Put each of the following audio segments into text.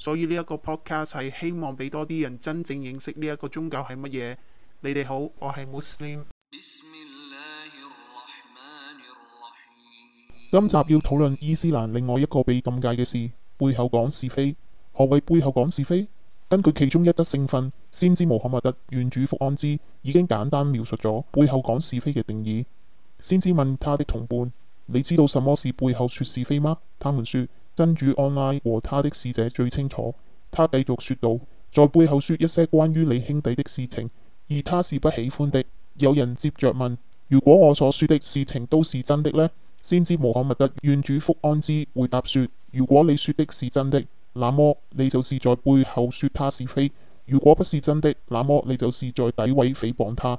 所以呢一個 podcast 係希望俾多啲人真正認識呢一個宗教係乜嘢。你哋好，我係穆斯林。今集要討論伊斯蘭另外一個被禁戒嘅事，背後講是非。何謂背後講是非？根據其中一則聖訓，先知穆罕默德願主福安之已經簡單描述咗背後講是非嘅定義。先知問他的同伴：你知道什麼是背後說是非嗎？他們說。真主安拉和他的使者最清楚。他繼續說道：在背後說一些關於你兄弟的事情，而他是不喜歡的。有人接着問：如果我所說的事情都是真的呢？先知穆罕默德願主福安之回答說：如果你說的是真的，那麼你就是在背後說他是非；如果不是真的，那麼你就是在詆毀誹謗他。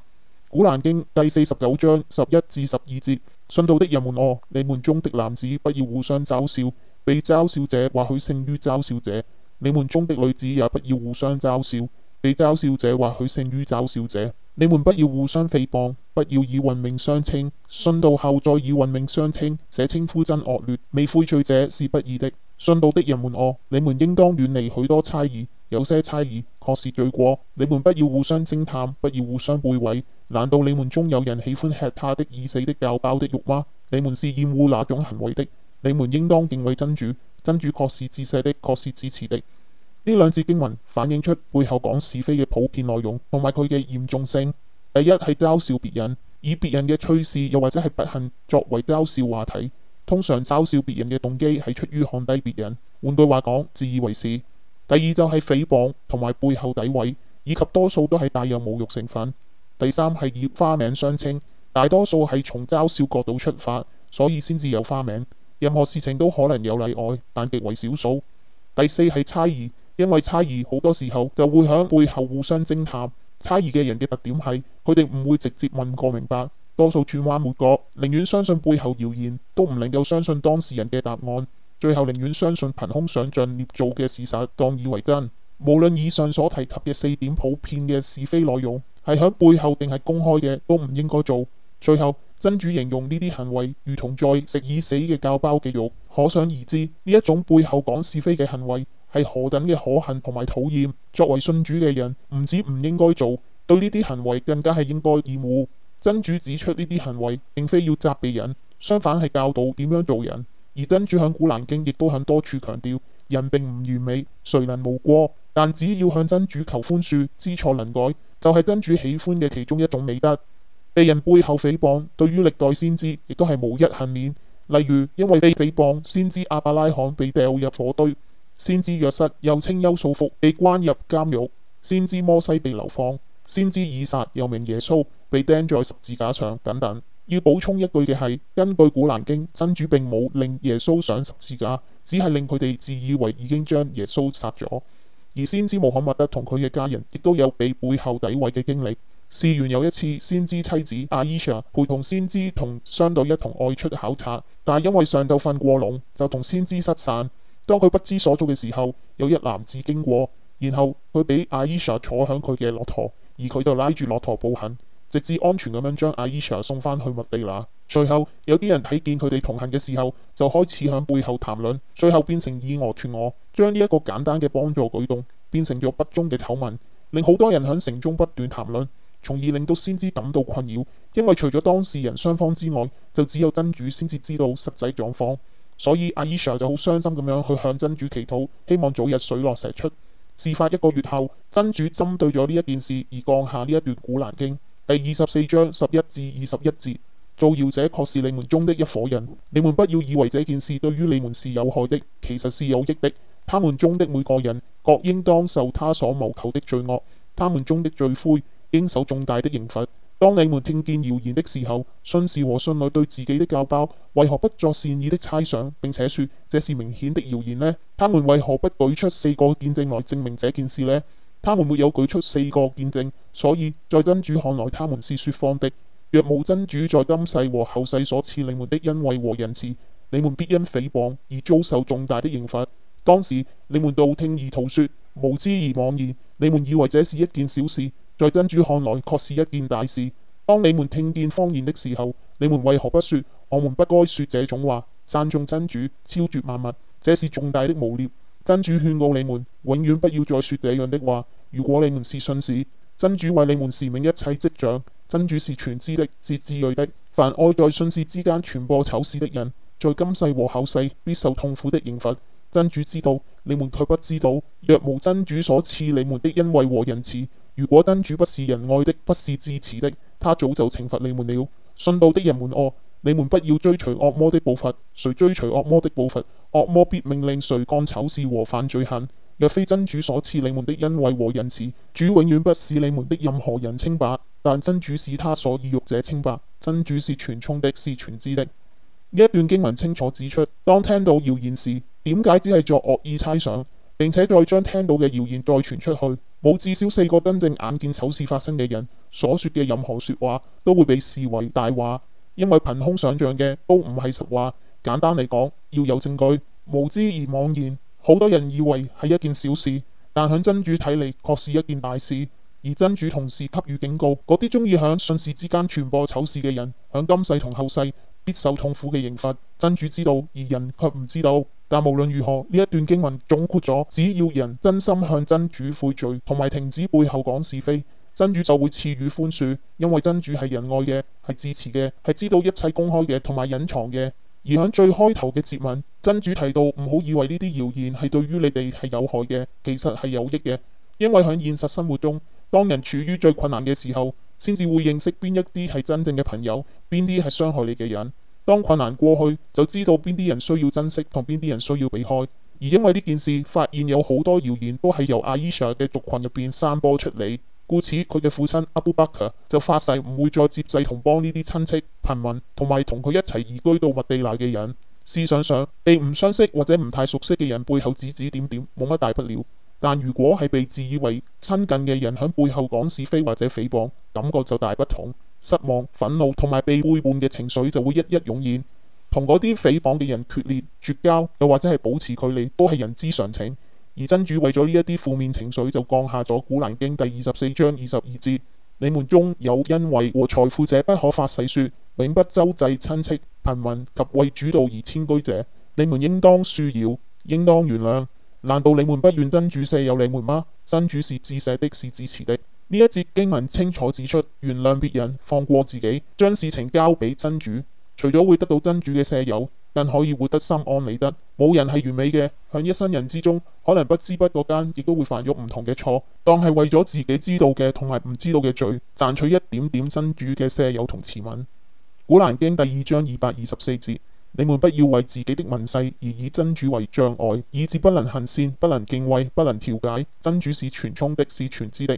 古蘭經第四十九章十一至十二節：信道的人們哦，你們中的男子不要互相嘲笑。被嘲笑者或許勝於嘲笑者，你們中的女子也不要互相嘲笑。被嘲笑者或許勝於嘲笑者，你們不要互相誹謗，不要以諢名相稱。信道後再以諢名相稱，這稱呼真惡劣。未悔罪者是不義的。信道的人們哦，你們應當遠離許多猜疑，有些猜疑確是罪過。你們不要互相偵探，不要互相背毀。難道你們中有人喜歡吃他的已死的教胞的肉嗎？你們是厭惡那種行為的。你們應當敬畏真主，真主確是至赦的，確是至慈的。呢兩字經文反映出背後講是非嘅普遍內容同埋佢嘅嚴重性。第一係嘲笑別人，以別人嘅趣事又或者係不幸作為嘲笑話題。通常嘲笑別人嘅動機係出於看低別人，換句話講，自以為是。第二就係、是、誹謗同埋背後詆毀，以及多數都係帶有侮辱成分。第三係以花名相稱，大多數係從嘲笑角度出發，所以先至有花名。任何事情都可能有例外，但極為少數。第四係猜疑，因為猜疑好多時候就會響背後互相偵探。猜疑嘅人嘅特點係佢哋唔會直接問個明白，多數轉彎抹角，寧願相信背後謠言，都唔能夠相信當事人嘅答案。最後寧願相信憑空想象捏造嘅事實當以為真。無論以上所提及嘅四點普遍嘅是非內容，係響背後定係公開嘅，都唔應該做。最後。真主形容呢啲行為如同在食已死嘅教胞嘅肉，可想而知呢一種背後講是非嘅行為係何等嘅可恨同埋討厭。作為信主嘅人，唔止唔應該做，對呢啲行為更加係應該厭惡。真主指出呢啲行為並非要責備人，相反係教導點樣做人。而真主喺古蘭經亦都很多處強調，人並唔完美，誰能無過？但只要向真主求寬恕，知錯能改，就係真主喜歡嘅其中一種美德。被人背後誹謗，對於歷代先知亦都係無一幸免。例如，因為被誹謗，先知阿伯拉罕被掉入火堆，先知約瑟又稱優素福被關入監獄，先知摩西被流放，先知以撒又名耶穌被釘在十字架上等等。要補充一句嘅係，根據古蘭經，真主並冇令耶穌上十字架，只係令佢哋自以為已經將耶穌殺咗。而先知穆罕默德同佢嘅家人亦都有被背後詆毀嘅經歷。事源有一次，先知妻，妻子阿伊莎陪同先知同商隊一同外出考察，但係因為上晝瞓過籠，就同先知失散。當佢不知所措嘅時候，有一男子經過，然後佢俾阿伊莎坐響佢嘅駱駝，而佢就拉住駱駝步行，直至安全咁樣將阿伊莎送返去麥地那。最後有啲人睇見佢哋同行嘅時候，就開始響背後談論，最後變成以訛傳訛，將呢一個簡單嘅幫助舉動變成咗不忠嘅醜聞，令好多人響城中不斷談論。從而令到先知感到困擾，因為除咗當事人雙方之外，就只有真主先至知道實際狀況。所以阿伊莎就好傷心咁樣去向真主祈禱，希望早日水落石出。事發一個月後，真主針對咗呢一件事而降下呢一段古蘭經第二十四章十一至二十一節：造謠者確是你們中的一伙人，你們不要以為這件事對於你們是有害的，其實是有益的。他們中的每個人，各應當受他所謀求的罪惡，他們中的罪魁。應受重大的刑罰。當你們聽見謠言的時候，信士和信女對自己的教胞為何不作善意的猜想，並且說這是明顯的謠言呢？他們為何不舉出四個見證來證明這件事呢？他們沒有舉出四個見證，所以在真主看來，他們是說謊的。若無真主在今世和後世所賜你們的恩惠和仁慈，你們必因誹謗而遭受重大的刑罰。當時你們道聽而途說，無知而妄言，你們以為這是一件小事。在真主看來，確是一件大事。當你們聽見方言的時候，你們為何不說？我們不該說這種話。讚頌真主，超絕萬物，這是重大的誣衊。真主勸告你們，永遠不要再說這樣的話。如果你們是信士，真主為你們闡明一切跡象，真主是全知的，是智慧的。凡愛在信士之間傳播醜事的人，在今世和後世必受痛苦的刑罰。真主知道，你們卻不知道。若無真主所賜你們的恩惠和仁慈，如果真主不是仁愛的，不是支持的，他早就懲罰你們了。信道的人們哦、啊，你們不要追隨惡魔的步伐。誰追隨惡魔的步伐，惡魔必命令誰幹醜事和犯罪行。若非真主所賜你們的恩惠和仁慈，主永遠不是你們的任何人清白。但真主使他所意欲者清白，真主是全聰的，是全知的。呢一段經文清楚指出，當聽到謠言時，點解只係作惡意猜想，並且再將聽到嘅謠言再傳出去？冇至少四個真正眼見醜事發生嘅人所說嘅任何說話，都會被視為大話，因為憑空想象嘅都唔係實話。簡單嚟講，要有證據，無知而妄言。好多人以為係一件小事，但響真主睇嚟，確是一件大事。而真主同時給予警告，嗰啲中意響信士之間傳播醜事嘅人，響今世同後世必受痛苦嘅刑罰。真主知道，而人卻唔知道。但無論如何，呢一段經文總括咗，只要人真心向真主悔罪，同埋停止背後講是非，真主就會賜予寬恕，因為真主係仁愛嘅，係至慈嘅，係知道一切公開嘅同埋隱藏嘅。而喺最開頭嘅節文，真主提到唔好以為呢啲謠言係對於你哋係有害嘅，其實係有益嘅，因為喺現實生活中，當人處於最困難嘅時候，先至會認識邊一啲係真正嘅朋友，邊啲係傷害你嘅人。當困難過去，就知道邊啲人需要珍惜，同邊啲人需要避開。而因為呢件事，發現有好多謠言都係由阿伊莎嘅族群入面散播出嚟，故此佢嘅父親阿布巴卡就發誓唔會再接濟同幫呢啲親戚、貧民同埋同佢一齊移居到麥地那嘅人。思想上，被唔相識或者唔太熟悉嘅人背後指指點點，冇乜大不了；但如果係被自以為親近嘅人響背後講是非或者誹謗，感覺就大不同。失望、憤怒同埋被背叛嘅情緒就會一一湧現，同嗰啲誹謗嘅人決裂、絕交，又或者係保持距離，都係人之常情。而真主為咗呢一啲負面情緒，就降下咗《古蘭經》第二十四章二十二節：你們中有恩惠和財富者，不可發誓說永不周濟親戚、貧民及為主道而遷居者，你們應當恕饒，應當原諒。難道你們不願真主赦宥你們嗎？真主是至赦的，是至慈的。呢一節經文清楚指出，原諒別人，放過自己，將事情交俾真主，除咗會得到真主嘅赦宥，更可以活得心安理得。冇人係完美嘅，響一生人之中，可能不知不覺間亦都會犯咗唔同嘅錯，當係為咗自己知道嘅同埋唔知道嘅罪，賺取一點點真主嘅赦宥同慈憫。古蘭經第二章二百二十四節：你們不要為自己的盟誓而以真主為障礙，以致不能行善，不能敬畏，不能調解。真主是全聰的，是全知的。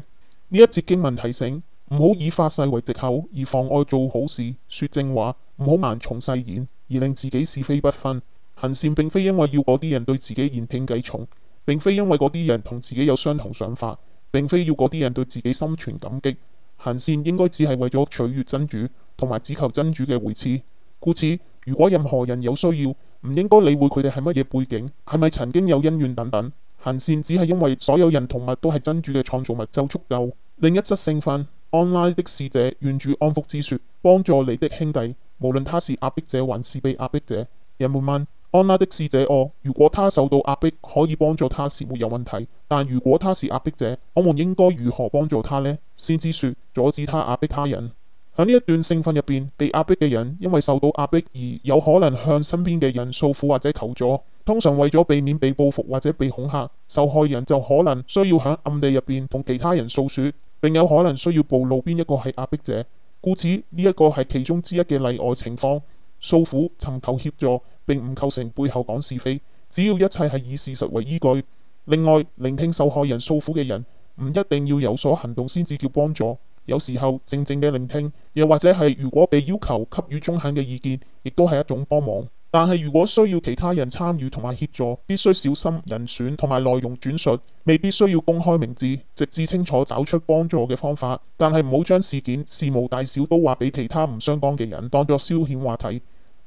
呢一節經文提醒，唔好以發誓為藉口而妨礙做好事、說正話；唔好盲從誓言而令自己是非不分。行善並非因為要嗰啲人對自己言聽計從，並非因為嗰啲人同自己有相同想法，並非要嗰啲人對自己心存感激。行善應該只係為咗取悅真主，同埋只求真主嘅回賜。故此，如果任何人有需要，唔應該理會佢哋係乜嘢背景，係咪曾經有恩怨等等。行善只係因為所有人同物都係真主嘅創造物就足夠。另一則聖訓，安拉的使者願主安福之說，幫助你的兄弟，無論他是壓迫者還是被壓迫者。人們問安拉的使者：哦，如果他受到壓迫，可以幫助他是沒有問題；但如果他是壓迫者，我們應該如何幫助他呢？先知說：阻止他壓迫他人。喺呢一段聖訓入邊，被壓迫嘅人因為受到壓迫而有可能向身邊嘅人訴苦或者求助。通常為咗避免被報復或者被恐嚇，受害人就可能需要喺暗地入邊同其他人訴說，並有可能需要暴露邊一個係壓迫者。故此呢一個係其中之一嘅例外情況。訴苦、尋求協助並唔構成背後講是非，只要一切係以事實為依據。另外，聆聽受害人訴苦嘅人唔一定要有所行動先至叫幫助。有時候靜靜嘅聆聽，又或者係如果被要求給予中肯嘅意見，亦都係一種幫忙。但係如果需要其他人參與同埋協助，必須小心人選同埋內容轉述，未必需要公開名字，直至清楚找出幫助嘅方法。但係唔好將事件事無大小都話俾其他唔相干嘅人當作消遣話題，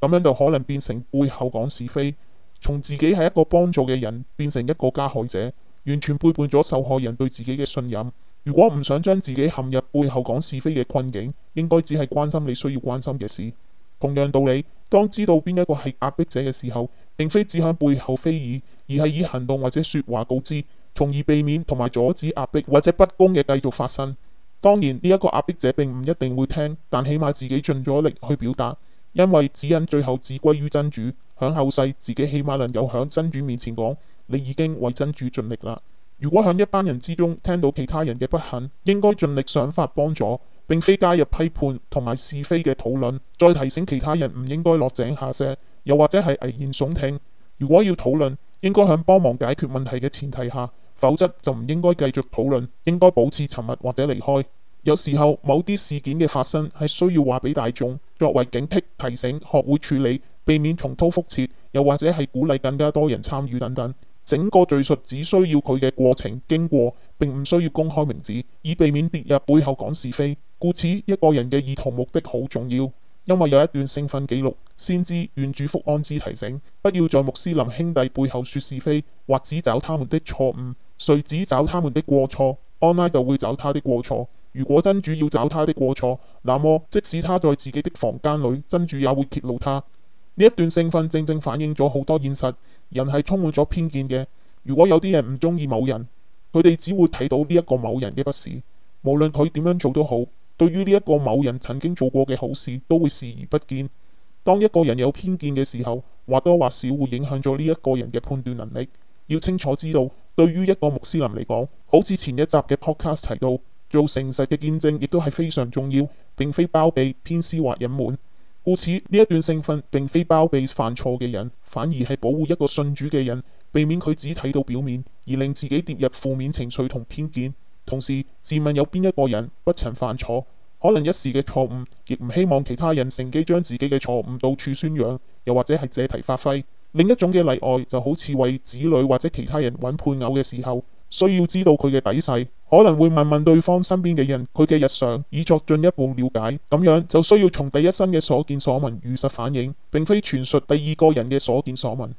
咁樣就可能變成背後講是非，從自己係一個幫助嘅人變成一個加害者，完全背叛咗受害人對自己嘅信任。如果唔想將自己陷入背後講是非嘅困境，應該只係關心你需要關心嘅事。同樣道理，當知道邊一個係壓迫者嘅時候，並非只向背後非議，而係以行動或者說話告知，從而避免同埋阻止壓迫或者不公嘅繼續發生。當然，呢一個壓迫者並唔一定會聽，但起碼自己盡咗力去表達，因為指引最後只歸於真主。響後世，自己起碼能夠響真主面前講，你已經為真主盡力啦。如果響一班人之中聽到其他人嘅不幸，應該盡力想法幫助。並非加入批判同埋是非嘅討論，再提醒其他人唔應該落井下石，又或者係危言聳聽。如果要討論，應該響幫忙解決問題嘅前提下，否則就唔應該繼續討論，應該保持沉默或者離開。有時候，某啲事件嘅發生係需要話俾大眾作為警惕，提醒，學會處理，避免重蹈覆轍，又或者係鼓勵更加多人參與等等。整個敘述只需要佢嘅過程經過，並唔需要公開名字，以避免跌入背後講是非。故此，一個人嘅意圖目的好重要，因為有一段聖訓記錄，先知願主福安之提醒，不要在穆斯林兄弟背後說是非，或只找他們的錯誤，誰只找他們的過錯，安拉就會找他的過錯。如果真主要找他的過錯，那麼即使他在自己的房間裏，真主也會揭露他。呢一段聖訓正正反映咗好多現實，人係充滿咗偏見嘅。如果有啲人唔中意某人，佢哋只會睇到呢一個某人嘅不是，無論佢點樣做都好。對於呢一個某人曾經做過嘅好事，都會視而不見。當一個人有偏見嘅時候，或多或少會影響咗呢一個人嘅判斷能力。要清楚知道，對於一個穆斯林嚟講，好似前一集嘅 podcast 提到，做誠實嘅見證亦都係非常重要，並非包庇、偏私、或隱瞞。故此，呢一段聖訓並非包庇犯錯嘅人，反而係保護一個信主嘅人，避免佢只睇到表面，而令自己跌入負面情緒同偏見，同時自問有邊一個人不曾犯錯，可能一時嘅錯誤，亦唔希望其他人乘機將自己嘅錯誤到處宣揚，又或者係借題發揮，另一種嘅例外，就好似為子女或者其他人揾配偶嘅時候。需要知道佢嘅底細，可能會問問對方身邊嘅人佢嘅日常，以作進一步了解。咁樣就需要從第一身嘅所見所聞如實反映，並非傳述第二個人嘅所見所聞。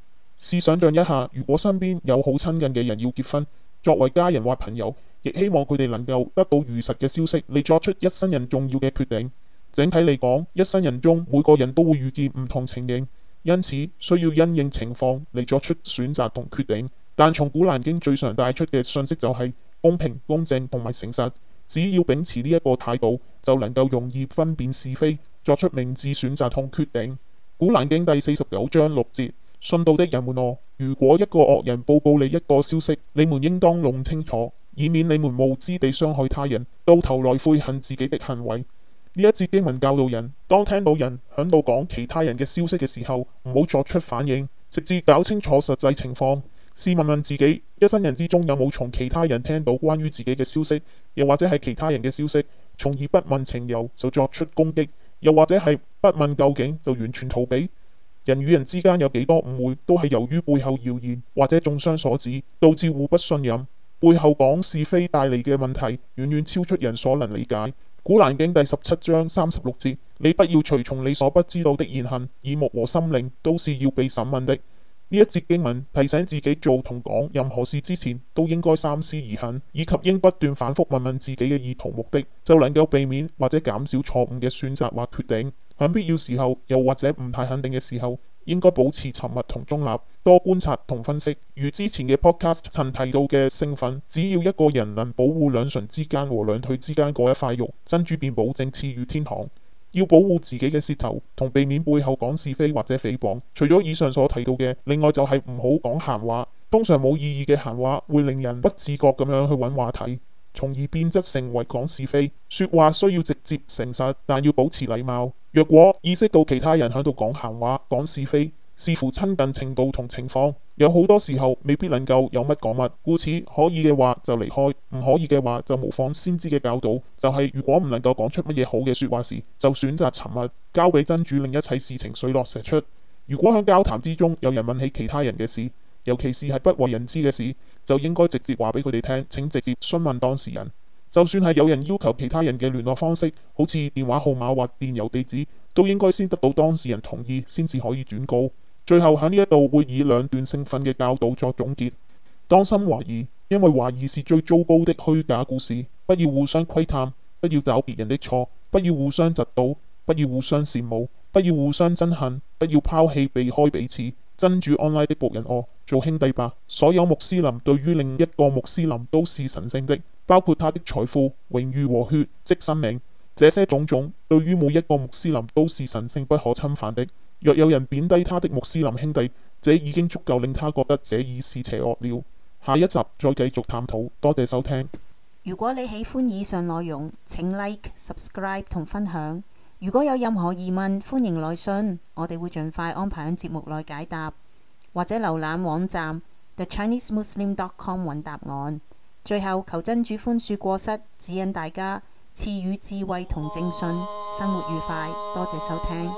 試想象一下，如果身邊有好親近嘅人要結婚，作為家人或朋友，亦希望佢哋能夠得到如實嘅消息，嚟作出一生人重要嘅決定。整體嚟講，一生人中每個人都會遇見唔同情景，因此需要因應情況嚟作出選擇同決定。但從《古蘭經》最常帶出嘅信息就係、是、公平、公正同埋誠實。只要秉持呢一個態度，就能夠容易分辨是非，作出明智選擇同決定。《古蘭經》第四十九章六節，信道的人們哦，如果一個惡人報告你一個消息，你們應當弄清楚，以免你們無知地傷害他人，到頭來悔恨自己的行為。呢一節經文教導人，當聽到人響度講其他人嘅消息嘅時候，唔好作出反應，直至搞清楚實際情況。試問問自己，一生人之中有冇從其他人聽到關於自己嘅消息，又或者係其他人嘅消息，從而不問情由就作出攻擊，又或者係不問究竟就完全逃避？人與人之間有幾多誤會，都係由於背後謠言或者中傷所致，導致互不信任。背後講是非帶嚟嘅問題，遠遠超出人所能理解。古蘭經第十七章三十六節：你不要隨從你所不知道的言行，耳目和心靈都是要被審問的。呢一節經文提醒自己做同講任何事之前，都應該三思而行，以及應不斷反覆問問自己嘅意圖目的，就能夠避免或者減少錯誤嘅選擇或決定。喺必要時候，又或者唔太肯定嘅時候，應該保持沉默同中立，多觀察同分析。如之前嘅 podcast 曾提到嘅聖訓，只要一個人能保護兩唇之間和兩腿之間嗰一塊肉，真主便保證賜予天堂。要保護自己嘅舌頭，同避免背後講是非或者誹謗。除咗以上所提到嘅，另外就係唔好講閒話。通常冇意義嘅閒話會令人不自覺咁樣去搵話題，從而變質成為講是非。說話需要直接誠實，但要保持禮貌。若果意識到其他人喺度講閒話、講是非，視乎親近程度同情況，有好多時候未必能夠有乜講乜。故此可以嘅話就離開，唔可以嘅話就模仿先知嘅教導，就係如果唔能夠講出乜嘢好嘅說話時，就選擇沉默，交俾真主令一切事情水落石出。如果喺交談之中有人問起其他人嘅事，尤其是係不為人知嘅事，就應該直接話俾佢哋聽，請直接詢問當事人。就算係有人要求其他人嘅聯絡方式，好似電話號碼或電郵地址，都應該先得到當事人同意先至可以轉告。最後喺呢一度會以兩段聖訓嘅教導作總結。當心懷疑，因為懷疑是最糟糕的虛假故事。不要互相窺探，不要找別人的錯，不要互相嫉妒，不要互相羨慕，不要互相憎恨，不要拋棄避開彼此。真主安拉的僕人哦，做兄弟吧。所有穆斯林對於另一個穆斯林都是神聖的，包括他的財富、榮譽和血即生命。這些種種對於每一個穆斯林都是神聖不可侵犯的。若有人貶低他的穆斯林兄弟，這已經足夠令他覺得這已是邪惡了。下一集再繼續探討，多謝收聽。如果你喜歡以上內容，請 Like、Subscribe 同分享。如果有任何疑問，歡迎來信，我哋會盡快安排喺節目內解答，或者瀏覽網站 TheChineseMuslim.com 揾答案。最後，求真主寬恕過失，指引大家賜予智慧同正信，生活愉快。多謝收聽。